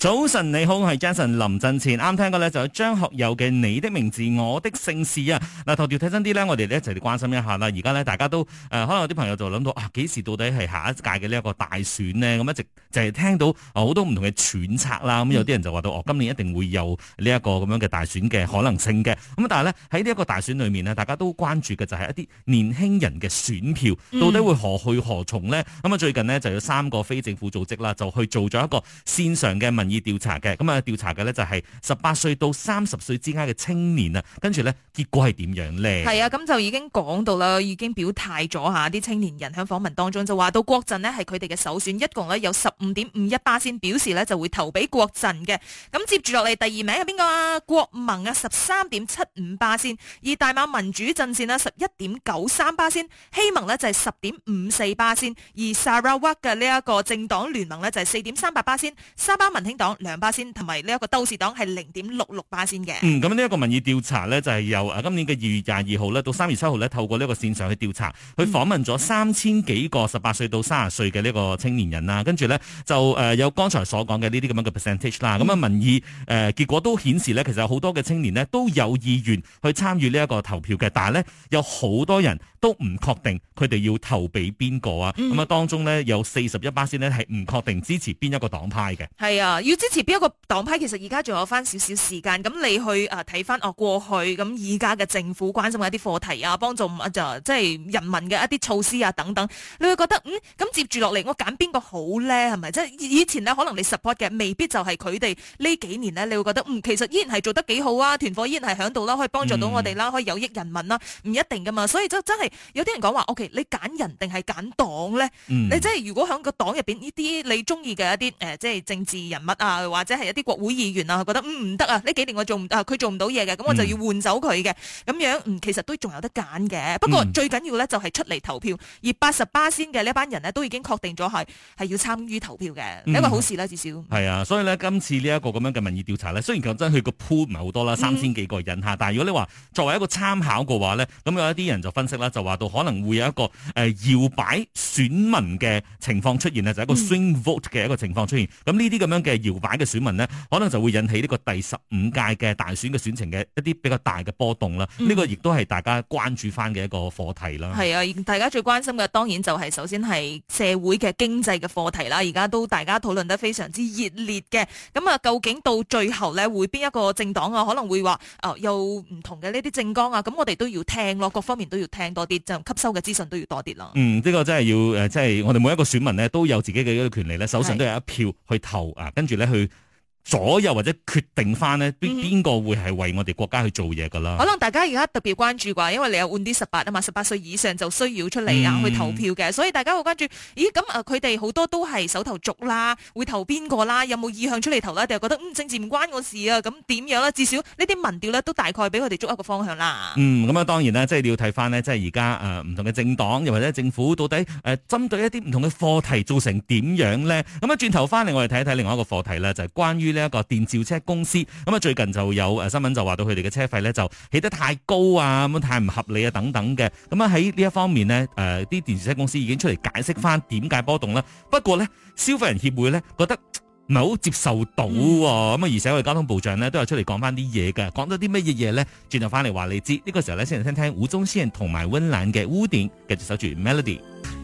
早晨，你好，我係 Jason 林振前。啱聽過呢，就係張學友嘅《你的名字我的姓氏》啊！嗱，頭條睇真啲呢，我哋咧一齊去關心一下啦。而家呢，大家都誒、呃，可能有啲朋友就諗到啊，幾時到底係下一屆嘅呢一個大選呢？咁、嗯、一直就係聽到好多唔同嘅揣測啦。咁、嗯、有啲人就話到哦，今年一定會有呢一個咁樣嘅大選嘅可能性嘅。咁、嗯、但係呢，喺呢一個大選裏面呢，大家都關注嘅就係一啲年輕人嘅選票到底會何去何從呢？咁、嗯、啊、嗯，最近呢，就有三個非政府組織啦，就去做咗一個線上嘅民而調查嘅咁啊，調查嘅呢就係十八歲到三十歲之間嘅青年啊，跟住呢結果係點樣呢？係啊，咁就已經講到啦，已經表態咗嚇啲青年人喺訪問當中就話到國陣呢係佢哋嘅首選，一共呢有十五點五一巴仙表示呢就會投俾國陣嘅。咁接住落嚟第二名係邊個啊？國盟啊十三點七五巴仙，而大馬民主陣線呢，十一點九三巴仙，希盟呢就係十點五四巴仙，而砂拉越嘅呢一個政黨聯盟呢，就係四點三八巴仙，沙巴民興，黨兩巴仙同埋呢一個都市黨係零點六六巴仙嘅。嗯，咁呢一個民意調查呢，就係由啊今年嘅二月廿二號呢，到三月七號呢，透過呢一個線上去調查，嗯、去訪問咗三千幾個十八歲到三十歲嘅呢個青年人啦，跟住呢，就誒有剛才所講嘅呢啲咁樣嘅 percentage 啦，嗯。咁啊民意誒結果都顯示呢，其實有好多嘅青年呢都有意願去參與呢一個投票嘅，但係呢，有好多人都唔確定佢哋要投俾邊個啊。咁啊、嗯、當中呢，有四十一巴仙呢，係唔確定支持邊一個黨派嘅。係啊。要支持邊一個黨派？其實而家仲有翻少少時間，咁你去啊睇翻哦過去咁，而家嘅政府關心嘅一啲課題啊，幫助就、呃、即係人民嘅一啲措施啊等等，你會覺得嗯咁、嗯、接住落嚟，我揀邊個好咧？係咪即係以前咧可能你 support 嘅，未必就係佢哋呢幾年咧，你會覺得嗯其實依然係做得幾好啊，團火依然係響度啦，可以幫助到我哋啦，嗯、可以有益人民啦，唔一定噶嘛。所以真真係有啲人講話，OK，你揀人定係揀黨咧？嗯、你真、就、係、是、如果響個黨入邊呢啲你中意嘅一啲誒，即、呃、係政治人物。啊，或者係一啲國會議員啊，佢覺得唔得啊，呢、嗯、幾年我做唔啊佢做唔到嘢嘅，咁我就要換走佢嘅咁樣，其實都仲有得揀嘅。不過、嗯、最緊要呢，就係出嚟投票，而八十巴仙嘅呢班人呢，都已經確定咗係係要參與投票嘅，一個好事啦至少。係、嗯嗯、啊，所以呢，今次呢一個咁樣嘅民意調查呢，雖然講真佢個 pool 唔係好多啦，三千幾個人嚇，但係如果你話作為一個參考嘅話呢，咁有一啲人就分析啦，就話到可能會有一個誒、呃、搖擺選民嘅情況出現呢，就係、一個 swing vote 嘅一個情況出現。咁呢啲咁樣嘅搖擺嘅選民呢，可能就會引起呢個第十五屆嘅大選嘅選情嘅一啲比較大嘅波動啦。呢、嗯、個亦都係大家關注翻嘅一個課題啦。係啊，大家最關心嘅當然就係首先係社會嘅經濟嘅課題啦。而家都大家討論得非常之熱烈嘅。咁啊，究竟到最後呢，會邊一個政黨啊？可能會話啊、呃，有唔同嘅呢啲政綱啊。咁我哋都要聽咯，各方面都要聽多啲，就吸收嘅資訊都要多啲咯。嗯，呢、這個真係要誒，即、呃、係、就是、我哋每一個選民呢，都有自己嘅一個權利呢，手上都有一票去投是啊，跟。住咧去。左右或者決定翻呢邊邊個會係為我哋國家去做嘢噶啦？嗯、可能大家而家特別關注啩，因為你有換啲十八啊嘛，十八歲以上就需要出嚟啊去投票嘅，嗯、所以大家會關注。咦咁啊佢哋好多都係首投族啦，會投邊個啦？有冇意向出嚟投咧？定係覺得、嗯、政治唔關我事啊？咁點樣咧？至少呢啲民調咧都大概俾佢哋捉一個方向啦。嗯，咁啊當然啦，即係你要睇翻呢，即係而家誒唔同嘅政黨又或者政府到底誒針對一啲唔同嘅課題做成點樣咧？咁啊轉頭翻嚟我哋睇一睇另外一個課題咧，就係關於咧。一個電召車公司咁啊，最近就有誒新聞就話到佢哋嘅車費咧就起得太高啊，咁太唔合理啊等等嘅，咁啊喺呢一方面呢，誒、呃，啲電召車公司已經出嚟解釋翻點解波動啦。不過呢，消費人協會呢覺得唔係好接受到，咁啊，嗯、而且我哋交通部長呢都有出嚟講翻啲嘢嘅，講咗啲乜嘢嘢呢？轉頭翻嚟話你知。呢、這個時候呢，先嚟聽聽胡宗先同埋溫蘭嘅污點，繼續守住 Melody。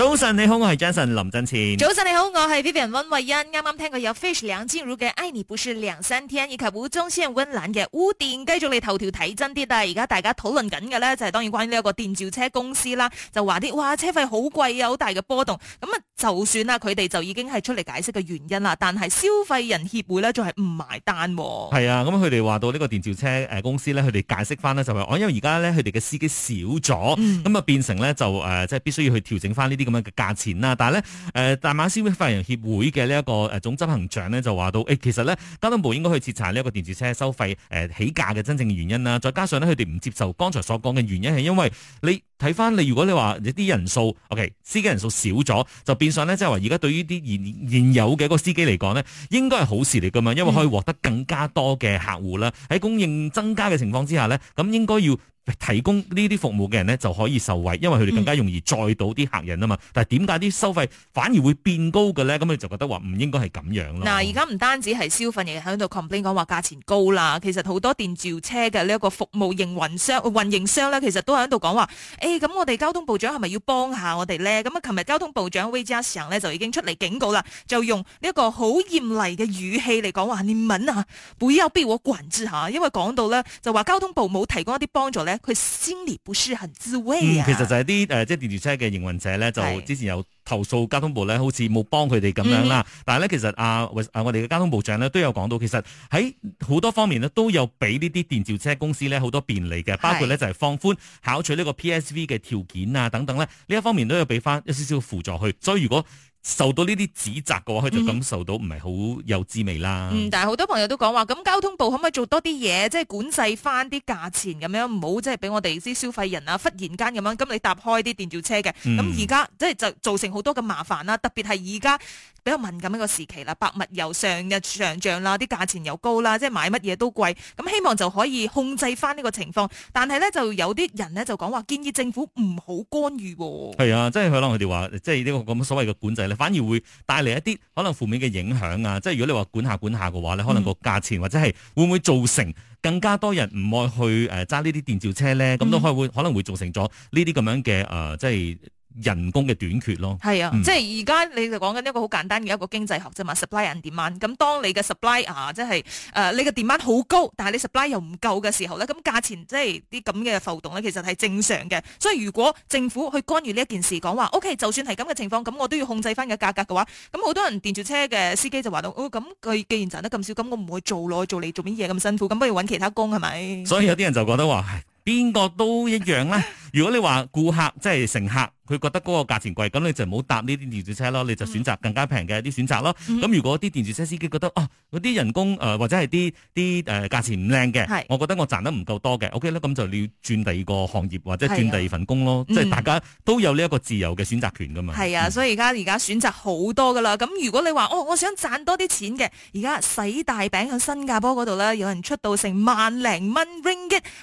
早晨，你好，我係 Jason 林振前。早晨，你好，我係 Vivian 溫慧欣。啱啱聽過有 Fish 梁靜茹嘅《愛你不是兩三天》，以及吳宗憲溫嵐嘅《污電》，繼續嚟頭條睇真啲。但係而家大家討論緊嘅咧，就係、是、當然關於呢一個電召車公司啦，就話啲哇車費好貴啊，好大嘅波動。咁啊，就算啊佢哋就已經係出嚟解釋嘅原因啦，但係消費人協會咧仲係唔埋單、哦。係啊，咁佢哋話到呢個電召車誒公司咧，佢哋解釋翻咧就話因為而家咧佢哋嘅司機少咗，咁啊、嗯、變成咧就誒即係必須要去調整翻呢啲。咁嘅價錢啦，但係咧，誒、呃、大馬司營發行協會嘅呢一個誒總執行長咧就話到，誒、欸、其實咧交通部應該去徹查呢一個電子車收費誒、呃、起價嘅真正原因啦。再加上咧，佢哋唔接受剛才所講嘅原因，係因為你睇翻你，如果你話啲人數，OK，司機人數少咗，就變相咧即係話而家對於啲現現有嘅一個司機嚟講咧，應該係好事嚟㗎嘛，因為可以獲得更加多嘅客戶啦。喺供應增加嘅情況之下咧，咁應該要。提供呢啲服務嘅人呢，就可以受惠，因為佢哋更加容易載到啲客人啊嘛。但係點解啲收費反而會變高嘅咧？咁啊，就覺得話唔應該係咁樣咯。嗱，而家唔單止係消費，亦喺度 complain 講話價錢高啦。其實好多電召車嘅呢一個服務營運商、呃、運營商咧，其實都喺度講話，誒、欸、咁我哋交通部長係咪要幫下我哋咧？咁啊，琴日交通部長 Wee Ka Siong 就已經出嚟警告啦，就用呢一個好嚴厲嘅語氣嚟講話：你問啊，會有邊個我管之嚇？因為講到咧，就話交通部冇提供一啲幫助咧。佢心理不是很滋味，啊。嗯，其實就係啲誒，即係電召車嘅營運者咧，就之前有投訴交通部咧，好似冇幫佢哋咁樣啦。嗯、哼但係咧，其實阿、啊、阿、啊、我哋嘅交通部長咧都有講到，其實喺好多方面咧都有俾呢啲電召車公司咧好多便利嘅，包括咧就係放寬考取呢個 PSV 嘅條件啊等等咧，呢一方面都有俾翻一少少輔助去。所以如果受到呢啲指責嘅話，佢就感受到唔係好有滋味啦。嗯，但係好多朋友都講話，咁交通部可唔可以做多啲嘢，即係管制翻啲價錢咁樣，唔好即係俾我哋啲消費人啊忽然間咁樣，咁你搭開啲電召車嘅，咁而家即係就造成好多嘅麻煩啦。特別係而家比較敏感一個時期啦，百物油上日上漲啦，啲價錢又高啦，即係買乜嘢都貴，咁希望就可以控制翻呢個情況。但係咧就有啲人咧就講話建議政府唔好干預啊，係啊，即係可能佢哋話，即係呢個咁所謂嘅管制。反而會帶嚟一啲可能負面嘅影響啊！即係如果你話管下管下嘅話咧，可能個價錢或者係會唔會造成更加多人唔愛去誒揸呢啲電召車咧？咁都可能會可能會造成咗呢啲咁樣嘅誒、呃，即係。人工嘅短缺咯，係啊，嗯、即係而家你就講緊一個好簡單嘅一個經濟學啫嘛，supply and demand。咁當你嘅 supply 啊，即係誒，你嘅 demand 好高，但係你 supply 又唔夠嘅時候咧，咁價錢即係啲咁嘅浮動咧，其實係正常嘅。所以如果政府去干預呢一件事，講話 OK，就算係咁嘅情況，咁我都要控制翻嘅價格嘅話，咁好多人電住車嘅司機就話到，哦咁佢既然賺得咁少，咁我唔會去做耐做你做咩嘢咁辛苦，咁不如搵其他工係咪？所以有啲人就覺得話。邊個都一樣啦。如果你話顧客即係、就是、乘客，佢覺得嗰個價錢貴，咁你就唔好搭呢啲電召車咯，你就選擇更加平嘅一啲選擇咯。咁、嗯、如果啲電召車司機覺得啊，嗰、哦、啲人工誒、呃、或者係啲啲誒價錢唔靚嘅，是我覺得我賺得唔夠多嘅，OK 啦，咁就你要轉第二個行業或者轉第二份工咯。啊、即係大家都有呢一個自由嘅選擇權噶嘛。係啊，所以而家而家選擇好多噶啦。咁、嗯、如果你話哦，我想賺多啲錢嘅，而家洗大餅喺新加坡嗰度咧，有人出到成萬零蚊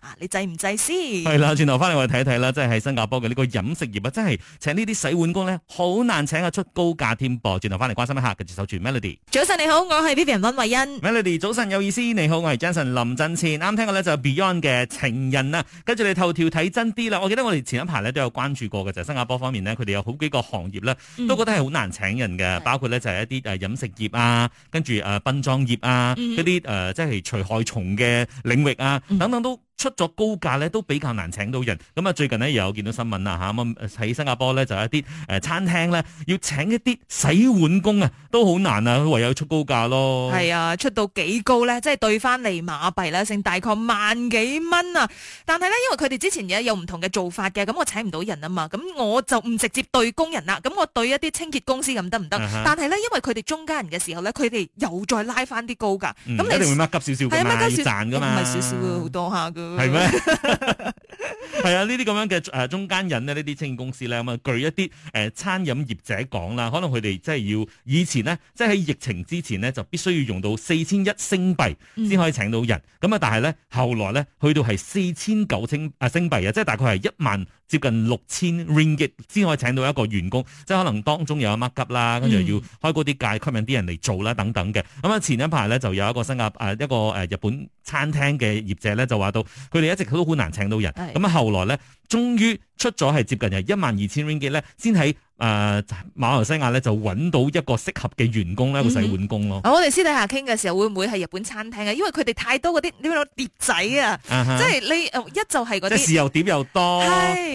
啊！你制唔制先？係啦，轉頭翻嚟我哋睇一睇啦，即係喺新加坡嘅呢個飲食業啊，真係請呢啲洗碗工咧，好難請啊，出高價添噃。轉頭翻嚟關心一下嘅，守住 Melody。早晨你好，我係 Vivian 溫慧欣。Melody，早晨有意思。你好，我係 Jenson 林振前。啱聽過咧就 Beyond 嘅《情人》啊。跟住你頭條睇真啲啦。我記得我哋前一排咧都有關注過嘅，就係新加坡方面咧，佢哋有好幾個行業咧，都覺得係好難請人嘅，包括咧就係一啲誒飲食業啊，跟住誒殯葬業啊，一啲誒即係除害蟲嘅領域啊，等等都。出咗高價咧，都比較難請到人。咁啊，最近呢，又有見到新聞啦嚇，咁喺新加坡咧就一啲誒餐廳咧要請一啲洗碗工啊，都好難啊，唯有出高價咯。係啊，出到幾高咧？即係對翻嚟馬幣咧，剩大概萬幾蚊啊！但係咧，因為佢哋之前有唔同嘅做法嘅，咁我請唔到人啊嘛，咁我就唔直接對工人啦，咁我對一啲清潔公司咁得唔得？Uh huh. 但係咧，因為佢哋中間人嘅時候咧，佢哋又再拉翻啲高價。嗯，你定會乜急少少，係啊，乜急少賺㗎嘛，唔係嗎少少好多下係咩？係是 啊，呢啲咁樣嘅誒、呃、中間人咧，呢啲清潔公司咧咁啊，據、嗯、一啲誒、呃、餐飲業者講啦，可能佢哋即係要以前咧，即係喺疫情之前咧，就必須要用到四千一星幣先可以請到人。咁啊、嗯，但係咧，後來咧，去到係四千九星啊星幣啊，即係大概係一萬。接近六千 ringgit 先可以請到一個員工，即係可能當中有乜急啦，跟住又要開高啲價吸引啲人嚟做啦，等等嘅。咁啊，前一排咧就有一個新加坡、呃、一個誒日本餐廳嘅業者咧就話到，佢哋一直都好難請到人，咁啊的後來咧終於，終於出咗係接近係一萬二千 ringgit 咧，先喺誒馬來西亞咧就揾到一個適合嘅員工咧，一個洗碗工咯。我哋私底下傾嘅時候會唔會係日本餐廳啊？因為佢哋太多嗰啲，你話碟仔啊，即係你一就係嗰啲豉油碟又多，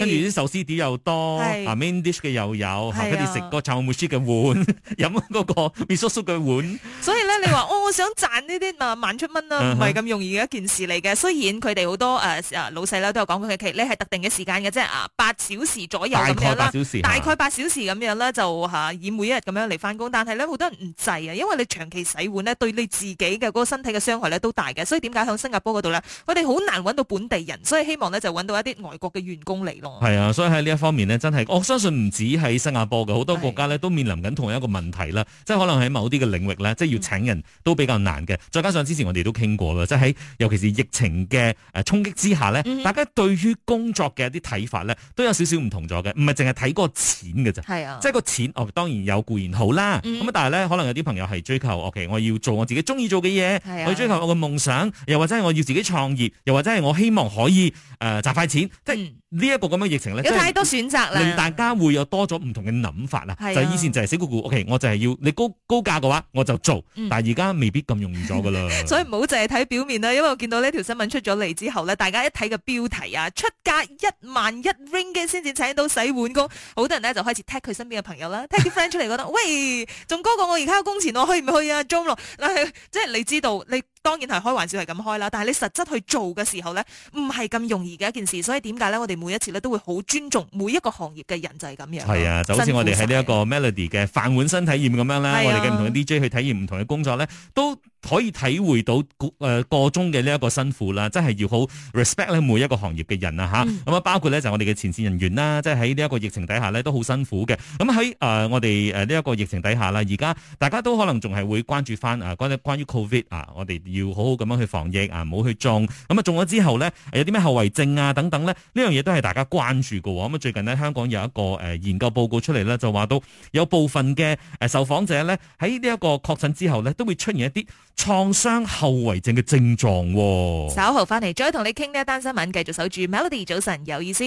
跟住啲壽司碟又多，啊，main dish 嘅又有，跟住食個茶碗蒸嘅碗，飲嗰個味噌嘅碗，所以。你話、哦、我想賺呢啲啊萬出蚊啦，唔係咁容易嘅一件事嚟嘅。雖然佢哋好多誒、呃、老細咧都有講過嘅，佢你係特定嘅時間嘅啫啊，八小時左右咁樣啦，大概八小時咁樣咧就嚇、啊、以每一日咁樣嚟返工。但係咧好多人唔制啊，因為你長期洗碗咧對你自己嘅嗰個身體嘅傷害咧都大嘅。所以點解喺新加坡嗰度咧，我哋好難揾到本地人，所以希望咧就揾到一啲外國嘅員工嚟咯。係啊，所以喺呢一方面咧，真係我相信唔止喺新加坡嘅，好多國家咧都面臨緊同一個問題啦的，即係可能喺某啲嘅領域咧，即係要請人、嗯。都比較難嘅，再加上之前我哋都傾過啦，即係喺尤其是疫情嘅、誒衝擊之下咧，嗯、哼大家對於工作嘅一啲睇法咧，都有少少唔同咗嘅，唔係淨係睇嗰個錢㗎咋，係啊，即係個錢哦，當然有固然好啦，咁啊、嗯，但係咧可能有啲朋友係追求我嘅，okay, 我要做我自己中意做嘅嘢，去、啊、追求我嘅夢想，又或者係我要自己創業，又或者係我希望可以誒賺、呃、快錢，即係。嗯呢一部咁嘅疫情咧，有太多選擇啦，令大家會有多咗唔同嘅諗法啦。是啊、就以前就係死咕咕，OK，我就係要你高高價嘅話，我就做，嗯、但係而家未必咁容易咗噶啦。所以唔好淨係睇表面啦，因為我見到呢條新聞出咗嚟之後咧，大家一睇個標題啊，出價一萬一 ring 嘅先至請到洗碗工，好多人咧就開始踢佢身邊嘅朋友啦踢啲 friend 出嚟覺得， 喂，仲高過我而家嘅工錢，我去唔去啊？join 咯，嗱即係你知道呢？你當然係開玩笑係咁開啦，但係你實質去做嘅時候咧，唔係咁容易嘅一件事。所以點解咧？我哋每一次咧都會好尊重每一個行業嘅人，就係咁樣。係啊，就好似我哋喺呢一個 Melody 嘅飯碗身體驗咁樣啦。是啊、我哋嘅唔同嘅 DJ 去體驗唔同嘅工作咧，都。可以體會到誒個中嘅呢一個辛苦啦，即係要好 respect 咧每一個行業嘅人啊嚇。咁啊、嗯，包括咧就我哋嘅前線人員啦，即係喺呢一個疫情底下咧都好辛苦嘅。咁喺誒我哋誒呢一個疫情底下啦，而家大家都可能仲係會關注翻啊關關於 covid 啊，我哋要好好咁樣去防疫啊，唔好去中。咁啊中咗之後咧，有啲咩後遺症啊等等咧，呢樣嘢都係大家關注㗎喎。咁、嗯、啊最近呢，香港有一個誒、呃、研究報告出嚟咧，就話都有部分嘅誒受訪者咧喺呢一個確診之後咧都會出現一啲。創傷後遺症嘅症狀、哦。稍後翻嚟再同你傾呢一單新聞，繼續守住 Melody 早晨有意思。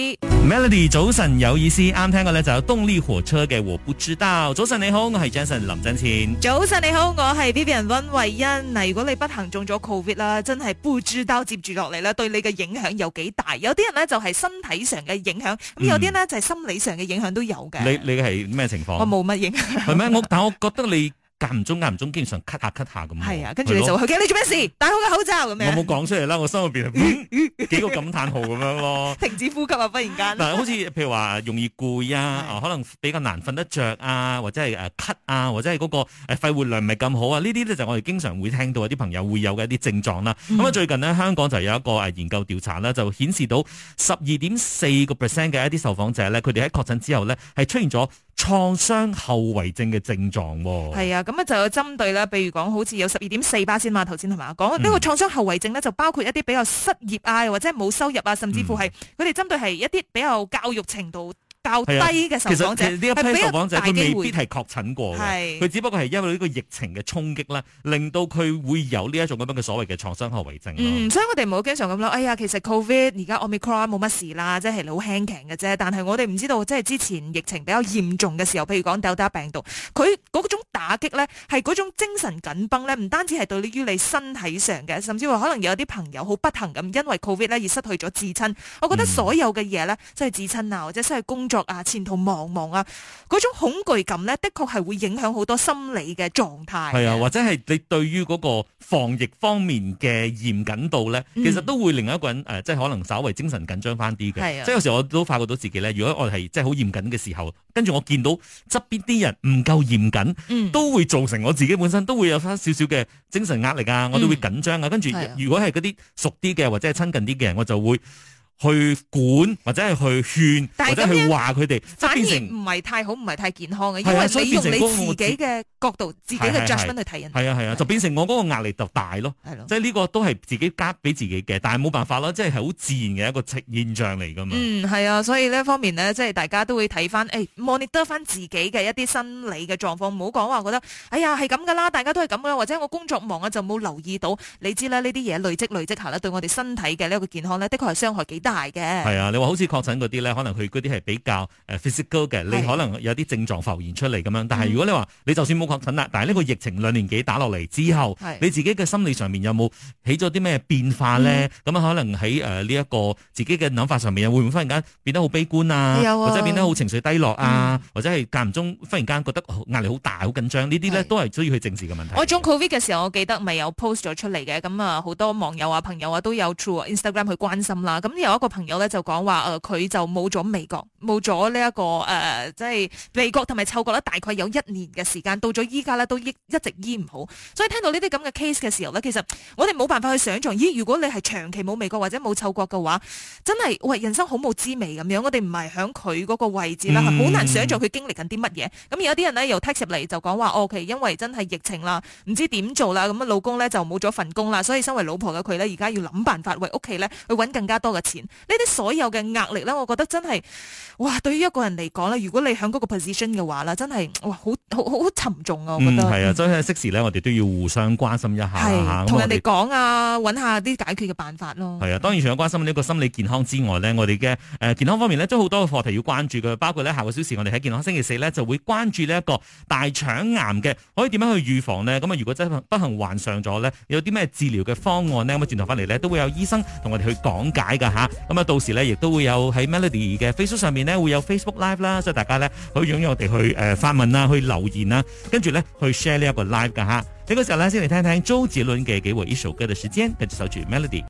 Melody 早晨有意思，啱聽嘅咧就有動力火車嘅我不知道。早晨你好，我係 Jason 林振錢。早晨你好，我係 Vivian 温慧欣。嗱，如果你不幸中咗 COVID 啦，真係不知道接住落嚟啦，對你嘅影響有幾大？有啲人呢就係、是、身體上嘅影響，咁有啲呢就係、是、心理上嘅影響都有嘅、嗯。你你係咩情況？ 我冇乜影響。係咩？我但我覺得你。 間唔中間唔中，偶爾偶爾經常咳下咳下咁。係啊，跟住你就去，咯你做咩事？戴好個口罩咁樣。我冇講出嚟，啦，我心入邊幾個感嘆號咁樣咯。 停止呼吸啊！忽然間。但係，好似譬如話容易攰啊，是的 可能比較難瞓得着啊，或者係誒咳啊，或者係嗰個誒肺活量唔係咁好啊。呢啲咧就我哋經常會聽到一啲朋友會有嘅一啲症狀啦。咁啊，嗯、最近呢，香港就有一個誒研究調查咧，就顯示到十二點四個 percent 嘅一啲受訪者咧，佢哋喺確診之後咧係出現咗。創傷後遺症嘅症狀喎，係啊，咁啊就有針對啦，譬如講好似有十二點四八先嘛，頭先同大家講呢個創傷後遺症咧，就包括一啲比較失業啊，或者冇收入啊，甚至乎係佢哋針對係一啲比較教育程度。較低嘅受訪者，呢一批受訪者佢未必係確診過佢是只不過係因為呢個疫情嘅衝擊咧，令到佢會有呢一種咁樣嘅所謂嘅創傷後遺症。嗯，所以我哋唔好經常咁諗，哎呀，其實 COVID 而家 Omicron 冇乜事啦，即係好輕嘅啫。但係我哋唔知道，即係之前疫情比較嚴重嘅時候，譬如講 Delta 病毒，佢嗰種打擊咧，係嗰種精神緊繃咧，唔單止係對於你身體上嘅，甚至話可能有啲朋友好不幸咁，因為 COVID 而失去咗至親。我覺得所有嘅嘢咧，即係至親啊，或者即係工作。啊！前途茫茫啊！嗰種恐懼感咧，的確係會影響好多心理嘅狀態。係啊，或者係你對於嗰個防疫方面嘅嚴謹度咧，嗯、其實都會令一個人誒、呃，即係可能稍微精神緊張翻啲嘅。係啊，即係有時我都發覺到自己咧，如果我係即係好嚴謹嘅時候，跟住我見到側邊啲人唔夠嚴謹，嗯、都會造成我自己本身都會有翻少少嘅精神壓力啊，我都會緊張啊。跟住、嗯、如果係嗰啲熟啲嘅或者係親近啲嘅人，我就會，去管或者係去勸，或者去話佢哋，反而唔係太好，唔係太健康嘅。因為你用你自己嘅角度，自己嘅 judgment 去睇人。係啊係啊，就變成我嗰個壓力就大咯。的即係呢個都係自己加俾自己嘅，但係冇辦法咯。即係係好自然嘅一個現象嚟噶嘛。嗯，係啊，所以呢方面呢，即係大家都會睇翻，誒、哎，望你得翻自己嘅一啲心理嘅狀況，唔好講話覺得，哎呀，係咁噶啦，大家都係咁啦，或者我工作忙啊，就冇留意到。你知啦，呢啲嘢，累積累積下咧，對我哋身體嘅呢個健康呢，的確係傷害幾大嘅係啊，你話好似確診嗰啲咧，可能佢嗰啲係比較誒 physical 嘅，是你可能有啲症狀浮現出嚟咁樣。但係如果你話你就算冇確診啦，但係呢個疫情兩年幾打落嚟之後，是你自己嘅心理上面有冇起咗啲咩變化咧？咁啊、嗯，可能喺誒呢一個自己嘅諗法上面，又會唔會忽然間變得好悲觀啊？啊或者變得好情緒低落啊，嗯、或者係間唔中忽然間覺得壓力好大、好緊張呢啲咧，是都係需要去正視嘅問題。我中 Covid 嘅時候，我記得咪有 post 咗出嚟嘅，咁啊好多網友啊、朋友啊都有 through Instagram 去關心啦。咁一個朋友咧就講話，誒、呃，佢就冇咗味覺，冇咗呢一個誒、呃，即係味覺同埋嗅覺咧，大概有一年嘅時間，到咗依家咧都一直醫唔好。所以聽到呢啲咁嘅 case 嘅時候咧，其實我哋冇辦法去想象，咦、呃？如果你係長期冇味覺或者冇嗅覺嘅話，真係喂、呃，人生好冇滋味咁樣。我哋唔係響佢嗰個位置啦，好、嗯、難想象佢經歷緊啲乜嘢。咁有啲人咧又 take 入嚟就講話，哦，其、okay, 因為真係疫情啦，唔知點做啦，咁老公咧就冇咗份工啦，所以身為老婆嘅佢咧，而家要諗辦法為屋企咧去搵更加多嘅錢。呢啲所有嘅壓力咧，我覺得真係哇！對於一個人嚟講咧，如果你喺嗰個 position 嘅話啦，真係哇，好好好沉重啊！我覺得係啊，所以適時咧，我哋都要互相關心一下，同人哋講啊，搵下啲解決嘅辦法咯。係啊，當然除咗關心呢個心理健康之外呢，我哋嘅誒健康方面呢，都好多課題要關注嘅，包括呢，下個小時我哋喺健康星期四呢，就會關注呢一個大腸癌嘅可以點樣去預防呢？咁啊，如果真不幸患上咗呢，有啲咩治療嘅方案呢？咁啊，轉頭翻嚟呢，都會有醫生同我哋去講解噶吓。啊咁啊，到時咧亦都會有喺 Melody 嘅 Facebook 上面咧，會有 Facebook Live 啦，所以大家咧可以擁有我哋去誒、呃、發問啦、去留言啦，跟住咧去 share 呢一個 live 噶嚇。呢、那個時候咧，先嚟聽聽周杰倫嘅《給我一首歌嘅時間》，跟住守住 Melody。